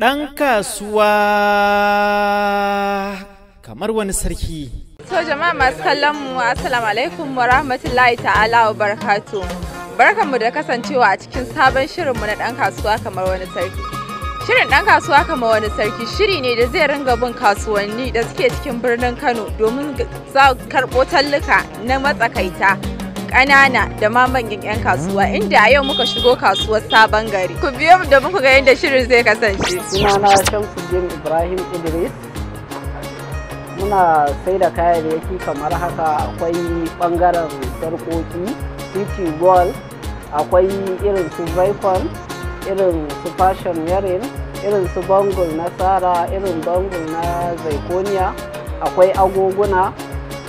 ɗan kasuwa kamar wani sarki. So jama'a masu kallon mu assalamu alaikum wa rahmatullahi ta'ala wa barakatu. Barkanmu da kasancewa a cikin sabon shirinmu na ɗan kasuwa kamar wani sarki. Shirin ɗan kasuwa kamar wani sarki shiri ne da zai ringa bin kasuwanni da suke cikin birnin Kano domin za karɓo talluka na matsakaita ƙanana da ma manyan 'yan kasuwa inda a yau muka shigo kasuwar sabon gari. Ku biyo mu domin ga yadda shirin zai kasance. Sunana Shamsuddin Ibrahim Idris. Muna sai da kayayyaki kamar haka akwai bangaren sarkoki, city gold, akwai irin su Vipon, irin su fashion Yarin, irin su bangul na Sara, irin bangul na Zaikoniya, akwai agoguna,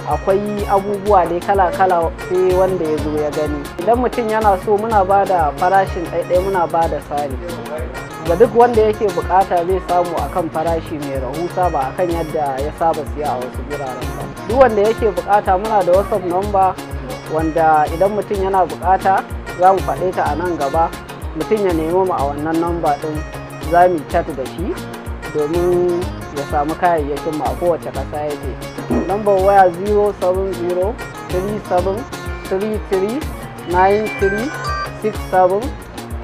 akwai abubuwa dai kala-kala sai wanda ya zo ya gani idan mutum yana so muna ba da farashin ɗaiɗai muna ba da tsari ga duk wanda yake bukata zai samu akan farashi mai rahusa ba akan yadda ya saba siya a wasu guraren ba duk wanda yake bukata muna da whatsapp number wanda idan mutum yana bukata za mu faɗe ta a nan gaba mutum ya nemi mu a wannan number din za mu chat da shi domin ya samu kayayyakin mu a kowace ƙasa yake lambar waya 070 37 9367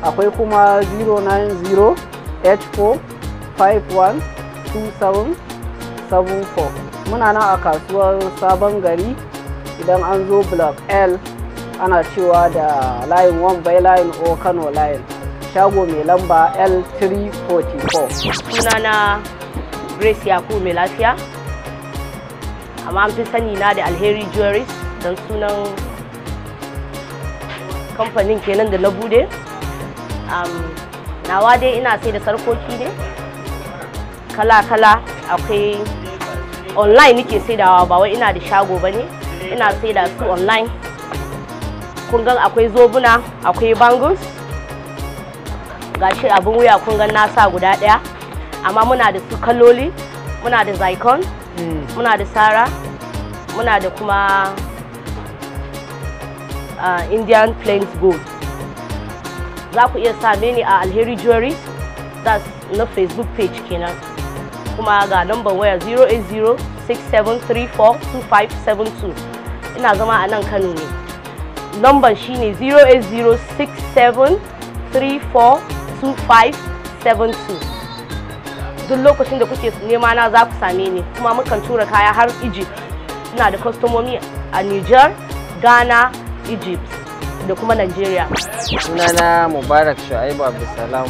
akwai kuma 090 84 512774 muna nan a kasuwar sabon gari idan an zo block l ana cewa da layin 1 by layin o kano line shago mai lamba l344 sunana grace yaku mai lafiya amma an fi sani na da alheri jewelry don sunan kamfanin kenan da na bude nawa dai ina sai da sarkoki ne kala-kala akwai online nike saidawa ba wai ina da shago ba ne ina saida su online kungan akwai zobuna akwai bangles gashi abin wuya kungan nasa guda daya amma muna da su kaloli muna da zaikon hmm. muna da sara muna da kuma indian plains gold za ku iya same ni a alheri jewelry that's na facebook page kenan kuma ga lambar waya 08067342572 ina zama a nan kano ne shi shine 08067342572 duk lokacin da kuke nema na za ku same ni kuma mukan tura kaya har egypt suna da kwastomomi a nijar ghana egypt da kuma nigeria sunana mubarak shu'aibu abdulsalam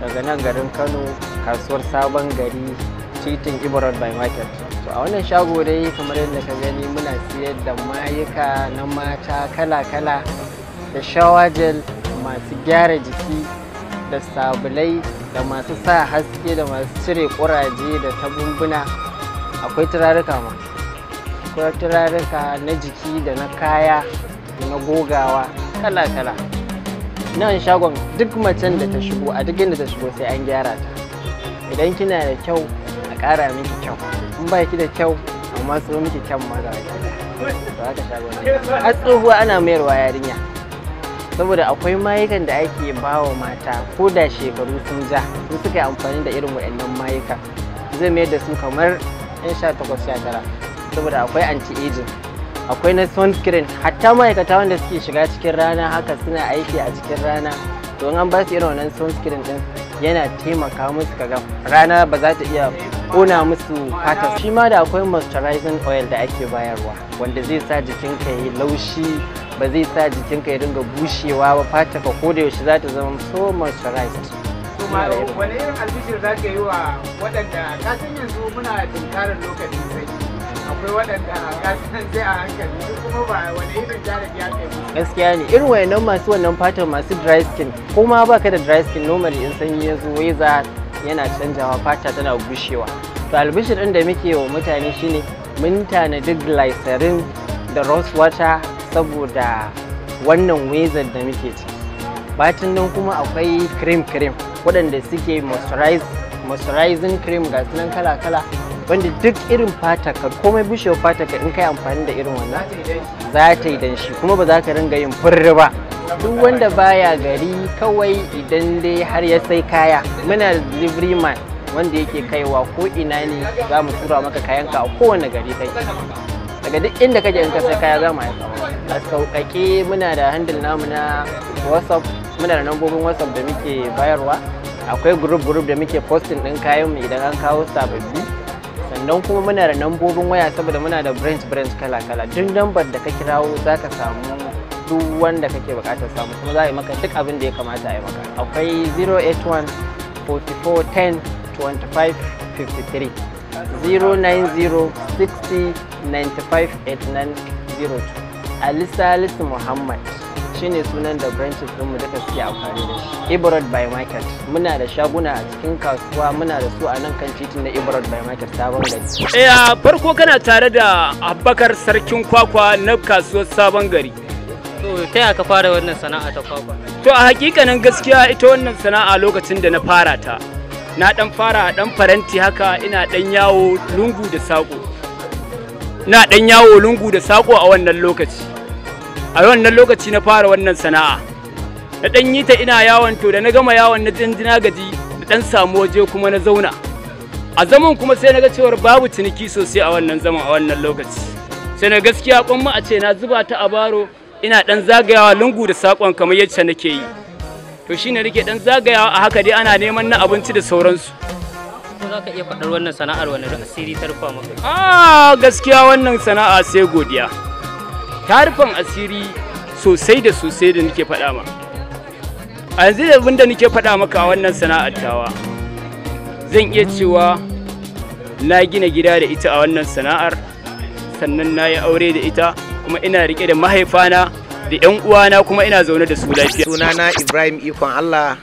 daga nan garin kano kasuwar sabon gari titin ibrahim by market to a wannan shago dai kamar yadda ka gani muna siyar da mayuka na mata kala-kala da shawajel masu gyara jiki da sabulai da masu sa haske da masu cire kuraje da tabumbuna akwai turaruka ma akwai turaruka na jiki da na kaya da na gogawa kala-kala nan shagon duk macen da ta shigo a duk inda ta shigo sai an gyara ta idan kina da kyau a ƙara miki kyau in ba ki da kyau amma tsoro miki kyan maza ba haka shagon a tsohuwa ana mayarwa yarinya saboda akwai mayukan da ake ba wa mata ko da shekaru sun ja su suka yi amfani da irin waɗannan mayuka zai mayar da su kamar matakin ya tara saboda akwai anti-aging akwai na sunscreen hatta ma'aikata wanda suke shiga cikin rana haka suna aiki a cikin rana don an ba su irin wannan sunscreen din yana taimaka musu kaga rana ba za ta iya kona musu fata shi ma da akwai moisturizing oil da ake bayarwa wanda zai sa jikinka yi laushi ba zai sa jikinka ya dinga bushewa ba fata ka koda yaushe za ta zama so moisturized wani irin albishir za ka yi wa waɗanda kasan yanzu muna tunkarar lokaci, sai akwai waɗanda kasan sai a hankali su kuma ba wani irin jarabi ya kai gaskiya ne irin wayannan masu wannan fatan masu dry skin ko ma ka da dry skin normally in sanyi ya zo weza yana canjawa fata tana bushewa. to albishir ɗin da muke wa mutane shine mun tanadi glycerin da rose water saboda wannan wezar da muke ci batun nan kuma akwai cream cream waɗanda suke moisturizing cream ga sunan kala-kala wanda duk irin fata ka komai bishiyar fata ka in kai amfani da irin wannan za ta yi danshi kuma ba za ka ringa yin furri ba duk wanda baya gari kawai idan dai har ya sai kaya muna delivery man wanda yake kaiwa ko ina ne za mu tura maka kayanka a kowane gari kai daga duk inda kaje in ka sai kaya za mu aika a sauƙaƙe muna da handle namu na whatsapp muna da nambobin whatsapp da muke bayarwa akwai group group da muke posting din kayan mu idan an kawo sababbi sannan kuma muna da nambobin waya saboda muna da branch branch kala kala duk lambar da ka kirawo zaka samu duk wanda kake bukatar samu kuma za a yi maka duk abin da ya kamata a yi maka akwai 081 44 10 25 53 090 60 95 89 02 alisa Alisa muhammad ne sunan da branches ɗinmu duka suke amfani da shi ibrod by market muna da shaguna a cikin kasuwa muna da su a nan kan titin na ibrod by market sabon gari eh farko kana tare da abubakar sarkin kwakwa na kasuwar sabon gari to ta ka fara wannan sana'a ta kwakwa to a hakikanin gaskiya ita wannan sana'a lokacin da na fara ta na dan fara dan faranti haka ina dan yawo lungu da sako na dan yawo lungu da sako a wannan lokaci a wannan lokaci na fara wannan sana'a na dan yi ta ina yawon to da na gama yawon na jin jina gaji na dan samu waje kuma na zauna a zaman kuma sai na ga cewar babu ciniki sosai a wannan zaman a wannan lokaci sai na gaskiya kwamma a ce na zuba ta a baro ina dan zagayawa lungu da sakon kamar yadda nake yi to shine rike dan zagayawa a haka dai ana neman na abinci da sauransu ko za ka iya faɗar wannan sana'ar wani asiri tarfa maka? Ah gaskiya wannan sana'a sai godiya. tarifan asiri sosai da sosai da nake faɗa ma a yanzu abin da nake faɗa maka a wannan sana'ar tawa zan iya cewa na gina gida da ita a wannan sana'ar sannan na yi aure da ita kuma ina rike da mahaifana da 'yan uwana kuma ina zaune da su lafiya sunana ibrahim ikon allah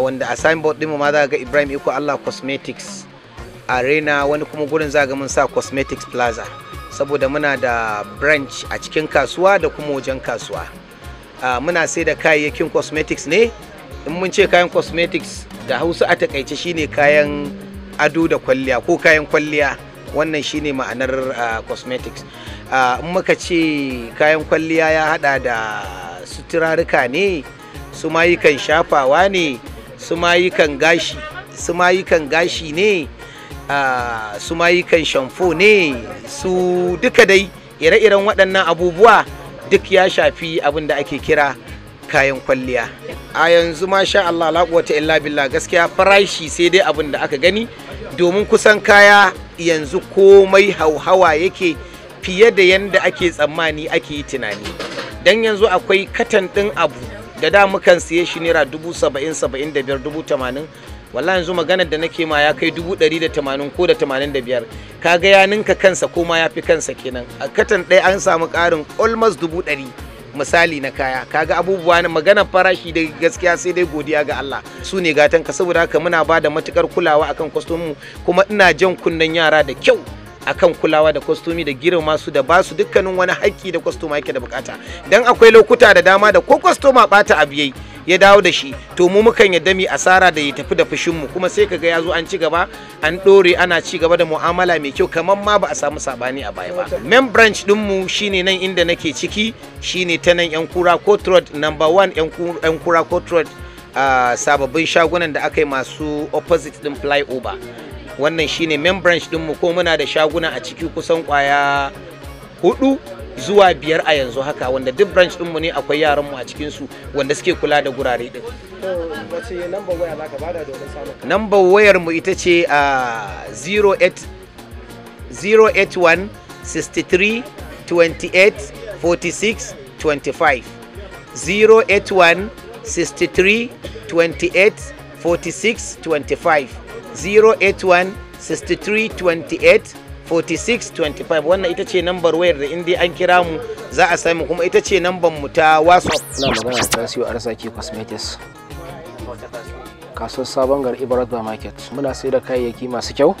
wanda a signboard ɗinmu ma za ga ibrahim ikon allah cosmetics arena wani kuma gurin za ga mun sa cosmetics plaza saboda muna da branch a cikin kasuwa da kuma wajen kasuwa muna sai da kayayyakin cosmetics ne in mun ce kayan cosmetics da hausa a takaice shine kayan ado da kwalliya ko kayan kwalliya wannan shine ma'anar cosmetics in muka ce kayan kwalliya ya hada da suturaruka ne su mayukan shafawa ne su mayukan gashi su mayukan gashi ne su mayukan shamfo ne su duka dai ire-iren waɗannan abubuwa duk ya shafi abin da ake kira kayan kwalliya a yanzu sha Allah la illa billah gaskiya farashi sai dai abin da aka gani domin kusan kaya yanzu komai hauhawa yake fiye da yanda ake tsammani ake yi tunani Don yanzu akwai katan ɗin abu da da mukan siye shi naira dubu saba'in saba'in da biyar dubu tamanin wallahi yanzu maganar da nake ma ya kai dubu ɗari da tamanin ko da tamanin da biyar kaga ya ninka kansa ko ma ya fi kansa kenan a katan ɗaya an samu ƙarin almost dubu ɗari misali na kaya kaga abubuwa na maganar farashi da gaskiya sai dai godiya ga Allah su ne gatan ka saboda haka muna ba da matukar kulawa akan kwastomu kuma ina jan kunnen yara da kyau akan kulawa da kwastomi da girma su da basu dukkanin wani haƙƙi da kwastoma yake da bukata dan akwai lokuta da dama da ko kwastoma bata abiyai biyai. ya dawo da shi to mu mukan yadda mu asara da ya tafi da fushin mu kuma sai kaga ya zo an ci gaba an dore ana ci gaba da mu'amala mai kyau kamar ma ba a samu sabani a baya ba main branch din mu shine nan inda nake ciki shine ta nan yan kura court road number 1 yan kura court road a sababbin shagunan da aka yi masu opposite din flyover wannan shine main branch din mu ko muna da shaguna a ciki kusan kwaya hudu zuwa biyar a yanzu haka wanda duk branch ɗinmu ne akwai yaran mu a cikinsu su wanda suke kula da gurare din number wayar mu ita ce a 081 63 28 46 28 4625 wannan ita ce nambar wayar da indi an kira mu za a sami kuma ita ce nambar mu ta whatsapp na magana da tasiyo arzaki cosmetics kasuwar sabon gar ba market muna sai da kayayyaki masu kyau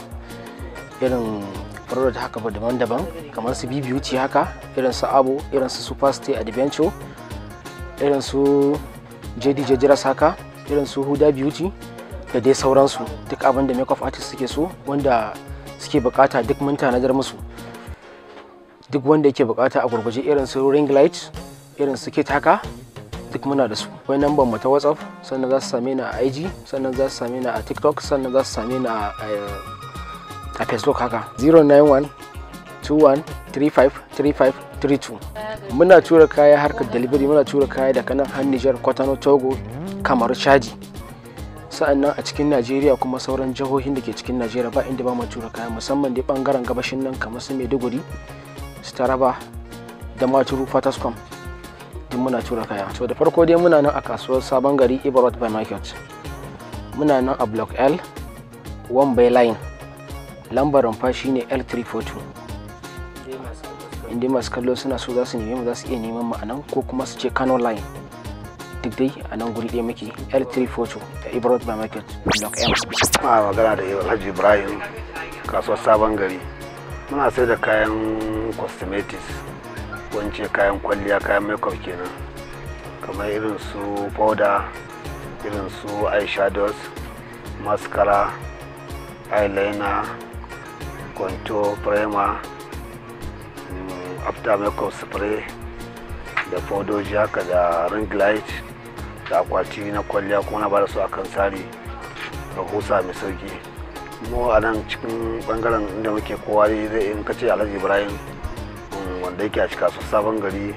irin product haka ba daban-daban kamar su bbbeauty haka irin su abu irin su superstay adventure irin su jd jajiras haka irin su huda beauty da dai sauransu duk abinda da makeup artist suke so wanda suke bukata duk mun tanadar musu duk wanda yake bukata a gurguje irin su ring light irin su kit haka duk muna da su akwai namban mu ta whatsapp sannan za su same ni a ig sannan za su same ni a tiktok sannan za su same ni a facebook haka 091 muna tura kaya harkar delivery muna tura kaya daga nan har niger kwatano togo kamar chadi nan a cikin najeriya kuma sauran jihohin da ke cikin najeriya ba inda ba tura kaya musamman dai bangaren gabashin nan kamar su maiduguri staraba da maturu fatascom duk muna tura kaya to da farko dai muna nan a kasuwar sabon gari ibarot by market muna nan a block l 1 by line lambar rumfa shine l342 inda masu kallo suna so za su nemi za su iya neman ma'anan ko kuma su ce kano line duk dai a nan guri ɗaya muke L342 da Ibrahim by Market Block M. A magana da Alhaji Ibrahim kasuwar Sabon Gari. Muna sai da kayan cosmetics wance kayan kwalliya kayan makeup kenan kamar irin su powder irin su eyeshadows mascara eyeliner contour primer mm, after makeup spray da fodoji haka da ring light da akwati na kwalliya kuma na bada su a kan tsari rahusa mai sauki mu a nan cikin bangaren inda muke kowa zai in kace alhaji ibrahim mm, wanda yake a cika su sabon gari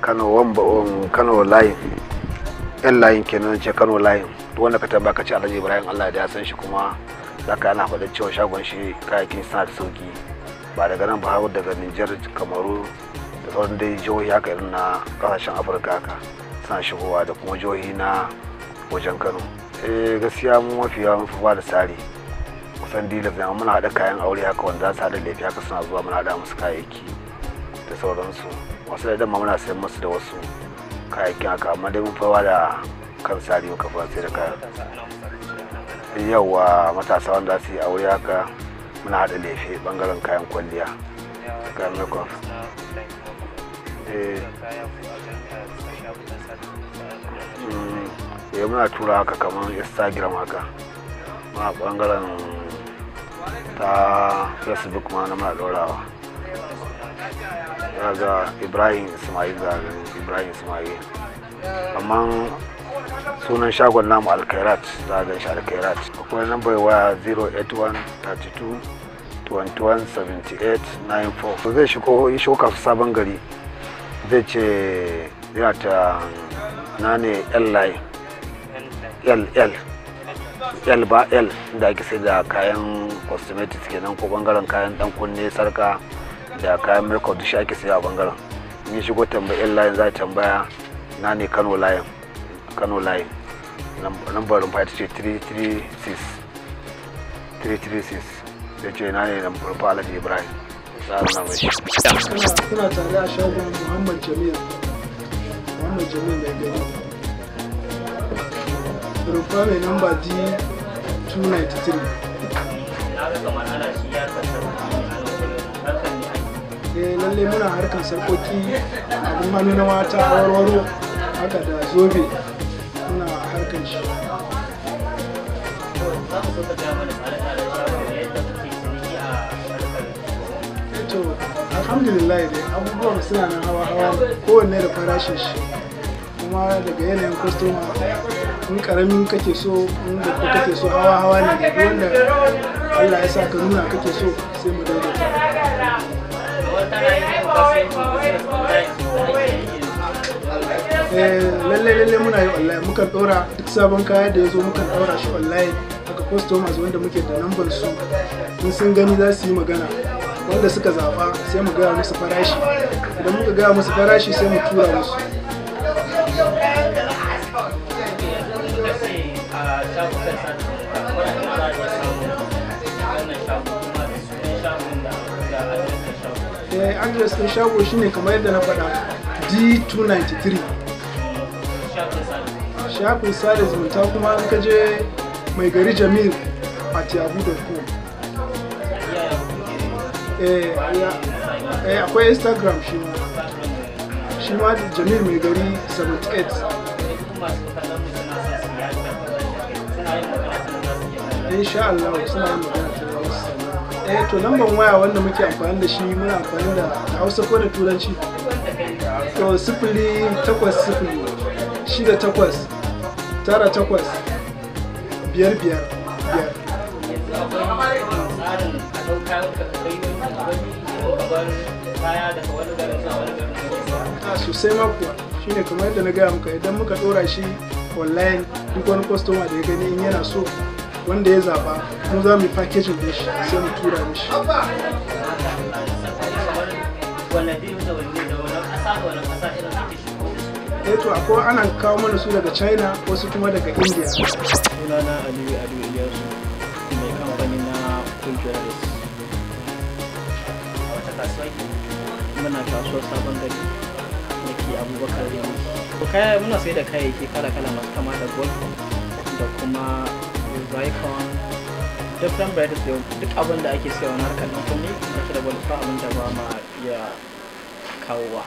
kano layin yan layin kenan ce kano layin wanda ka tabba ka alhaji ibrahim allah da ya san shi kuma zaka yana faɗa cewa shagon shi kayakin suna da sauki ba daga nan ba daga nijar kamaru da sauran dai jihohi haka irin na kasashen afirka haka suna shigowa da kuma jihohi na wajen kano eh gaskiya mu mafi yawan fi ba da tsari kusan dealers na muna haɗa kayan aure haka wanda za su haɗa laifi haka suna zuwa muna haɗa musu kayayyaki da sauransu wasu da dama muna sayan musu da wasu kayayyakin haka amma dai mun fawa da kan sari muka fa sai da kayan yawa matasa wanda su yi aure haka muna haɗa lefe bangaren kayan kwalliya kayan makon ya eh, muna tura haka kamar instagram haka ma bangaren ta facebook ma na muna ɗorawa ga ibrahim ismail zaga ibrahim ismail amma sunan shagon namu alkairat za a shi alkairat akwai lambar waya 081-32-21-78-94 zai shigo yi sabon gari zai ce yana ta na ne l line l l l ba l da ake sai da kayan cosmetics kenan ko bangaren kayan dan kunne sarka da kayan makeup da shi ake sai a bangaren ni shigo tambaya l line za tambaya na ne kano line kano line lambar rumfa ita ce 336 336 da ce na ne rumfa alhaji ibrahim za a zama shi. Kuna tare a shagon Muhammad Jami'a. Muhammad Jamil ya gani. Rumfa mai namba D 293. Eh lalle muna harkar sarkoki abin hannu na mata warwaro haka da zobe muna harkar shi. to alhamdulillah dai abubuwan suna nan hawa hawa kowanne da farashin shi kuma daga yanayin kwastoma in karamin kake so in babba kake so hawa hawa ne da wanda allah ya sa ka nuna kake so sai mu daidaita lallai eh, lallai muna yi online mukan ɗora duk sabon kaya da ya zo mukan ɗora shi online haka customers wanda muke da number su in sun gani za su yi magana wanda suka zafa sai mu gaya musu farashi idan muka gaya musu farashi sai mu tura musu eh, address ɗin shago shine kamar yadda na faɗa d293 shafin sada zumunta kuma an kaje mai gari jamil da yahoo.com Eh, eh akwai instagram shi ma shi ma jamil mai gari 78 insha Allah suna yin magana ta hausa eh to lambar waya wanda muke amfani da shi muna amfani da hausa ko da turanci to sifili takwas sifili shida takwas tara takwas biyar biyar biyar ɗau ah, kayan ka kai kaya daga wani garin wani garin sosai ma kuwa shine kamar yadda na gaya muka idan muka ɗora shi online duk wani kwastoma da ya gani in yana so wanda ya zaba mu za mu yi packaging da shi sai mu tura mishi eh to akwai ana kawo mana su daga china wasu kuma daga india sunana aliyu aliyu kasuwa muna kasuwar sabon gari da ke abubakar remu muna sai da kayayyaki kala kala kama da gold da kuma zycon da duk abin da ake na harkar nan da ke da gold abin ma iya kawowa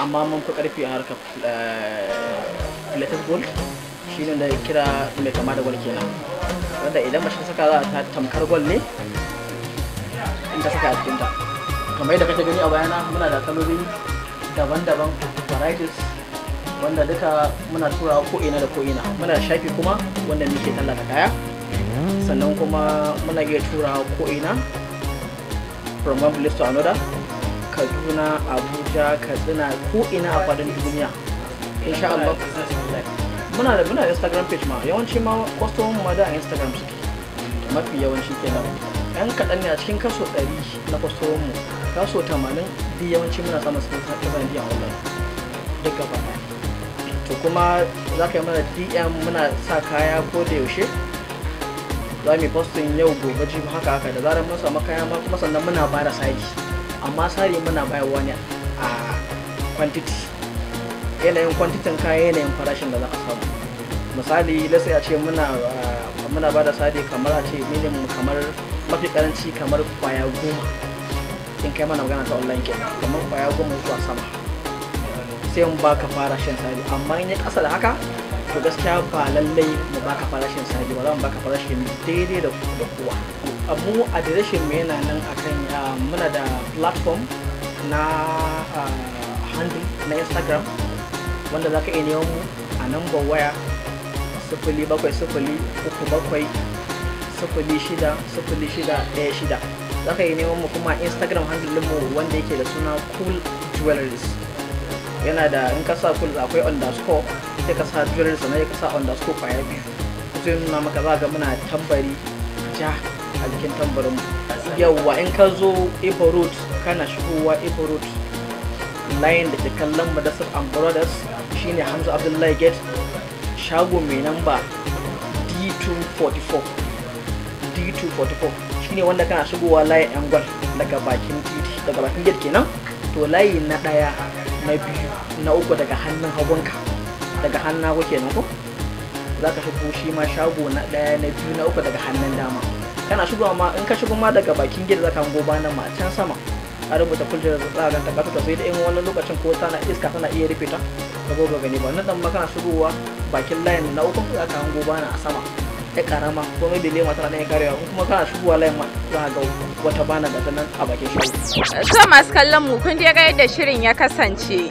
amma mun fi karfi a harkar eh, latest gold da kira mai kama da wanda idan mace saka za ta tamkar gwal ne in ta a cikinta kamar yadda kake gani a bayana muna da kaloli daban-daban varieties wanda duka muna turawa ko'ina da ko'ina muna da shafi kuma wanda muke tallata kaya sannan kuma muna iya turawa ko'ina from one place to another kaduna abuja katsina ko'ina a faɗin duniya insha Allah muna da muna instagram page ma yawanci ma kwastomin ma da instagram suke mafi yawanci kenan yan kaɗan ne a cikin kaso ɗari na kwastomin mu kaso 80 bi yawanci muna samun su ta zan biya wannan duk gaba to kuma za ka yi mana dm muna sa kaya ko da yaushe za mu yi postin yau gobe ji haka haka da zarar mun samu kaya ma kuma sannan muna bada da sari amma sari muna bayarwa ne a quantity yanayin kwantitin kaya yanayin farashin da za ka samu misali sai a ce muna ah, muna bada sari kamar a ce minimum kamar mafi karanci kamar kwaya goma in kai mana magana ta online ke kamar kwaya goma zuwa sama sai mu baka fara shan sabi amma in ya kasa da haka to gaskiya ba lallai mu baka shan sabi ba za mu baka shan daidai da kowa abu a direction mai yana nan akan muna da platform na handle na instagram wanda za ka iya neman mu a number waya sufuli bakwai sufuli uku bakwai sufuli shida sufuli shida ɗaya shida za ka yi neman mu kuma instagram handle mu wanda yake da suna cool jewelries yana da in ka sa cool akwai underscore sai ka sa jewelries sannan ka sa underscore fire biyu sai nuna maka za ga muna tambari ja a jikin tambarin mu yawwa in ka zo ibo road kana shigowa ibo road layin da ke kallon madasar and brothers shine hamza abdullahi gate shago mai namba d244 d244 shine wanda kana shigowa layin yan gwal daga bakin titi daga bakin gate kenan to layi na daya na biyu na uku daga hannun hagunka daga hannun hagu kenan ko za ka shigo shi ma shago na daya na biyu na uku daga hannun dama kana shigowa ma in ka shigo ma daga bakin gate za ka hango bana ma can sama a rubuta da tsarin ta kasu ta sai da in wani lokacin ko tana iska tana iya rufe ta ka zo ga gani ba nan dan ma kana shigowa bakin layin na uku za ka hango bana a sama ya karama ko mai biliyan wata ɗaya karewa kuma kana shigowa layin ma za ka ga wata bana da nan a bakin shi. so masu kallon mu kun je ga yadda shirin ya kasance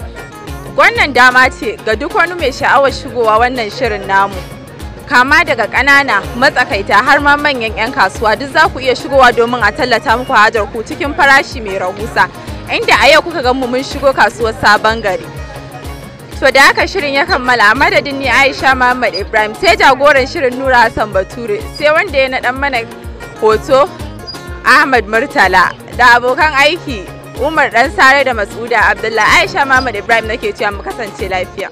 wannan dama ce ga duk wani mai sha'awar shigowa wannan shirin namu kama daga ƙanana matsakaita har ma manyan 'yan kasuwa duk za ku iya shigowa domin a tallata muku hajar ku cikin farashi mai rahusa inda a yau kuka gan mu mun shigo kasuwar sabon gari To da haka shirin ya kammala a madadin ni Aisha Muhammad Ibrahim sai jagoran shirin Nura Hassan Bature sai wanda ya naɗan mana hoto Ahmad Murtala da abokan aiki Umar Dan Sare da Masuda Abdullahi Aisha Muhammad Ibrahim nake cewa mu kasance lafiya.